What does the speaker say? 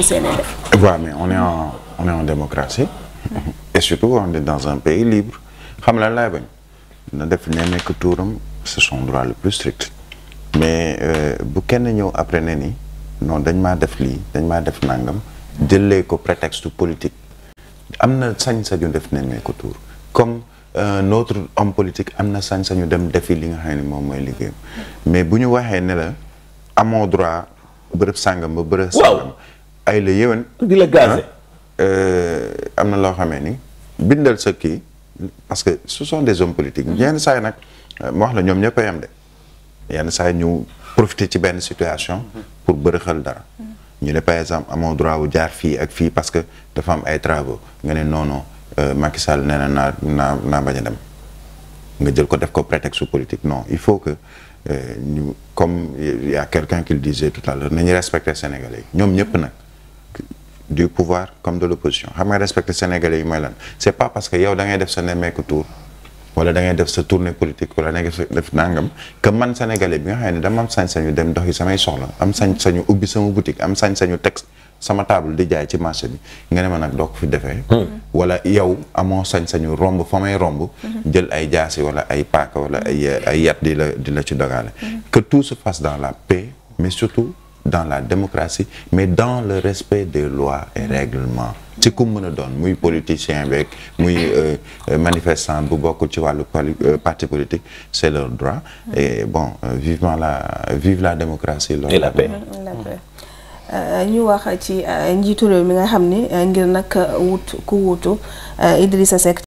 fas yéene def. waaw mais on est xam lan laay na def ne nekk tuuram c'est son plus strict mais euh, bu kenn ñëw après ne ni non dañ maa def lii dañ maa def nangam jëlee ko prétexte politique am na sañ-sañu def ne nekk tuur comme notre euh, homme politique am na sañ-sañu dem defi li nga xam ne moom mooy liggéeyam mais bu ñu waxee ne la amoo droit bërëb sàngam ba bërëb sàngam ay la yéwén. di ah, euh, am na loo xamee ni bindal sa kii parce que ce sont des hommes politiques mm-hmm. yenn saa yi nag ma wax la ñoom ñëpp a de yenn saa ñu profiter ci benn situation mm-hmm. pour bërëxal dara mm-hmm. ñu ne par exemple amoon droit wu jaar fii ak fii parce que dafa am ay travaux nga ne non non euh, Macky nee na naa naa naa bañ a dem nga jël ko def ko prétexte politique no il faut que euh, ñu comme y a quelqu'un qui le disait tout à l'heure nañu respecter Sénégalais ñoom ñëpp nag du pouvoir comme de l'opposition xam nga respecter sénégalais yi mooy lan c'est pas parce que yow da ngay def sa nemmeeku tour wala da def sa tournée politique wala da ngay def nangam que man sénégalais bi nga xam ne dama am sañ-sañu dem dox yi samay soxla am sañ-sañu ubbi sama boutique am sañ-sañu teg sama table di jaay ci marché bi nga ne man nag doo ko fi defee. Hmm. wala yow amoo sañ-sañu romb fa may romb. jël ay jaasi wala ay paaka wala ay ay yat di la di la ci dogaale. Hmm. dans la démocratie mais dans le respect des lois et règlements ci ku mën a doon muy politicien beeg muy euh, euh, manifestant bu bokk ci wàllu euh, parti politique c'est leur droit et bon vivement la vive la démocratie loolu et la paix ñu wax ci njiitu réew mi nga xam ni ngir nag wut ku wutu Idrissa Seck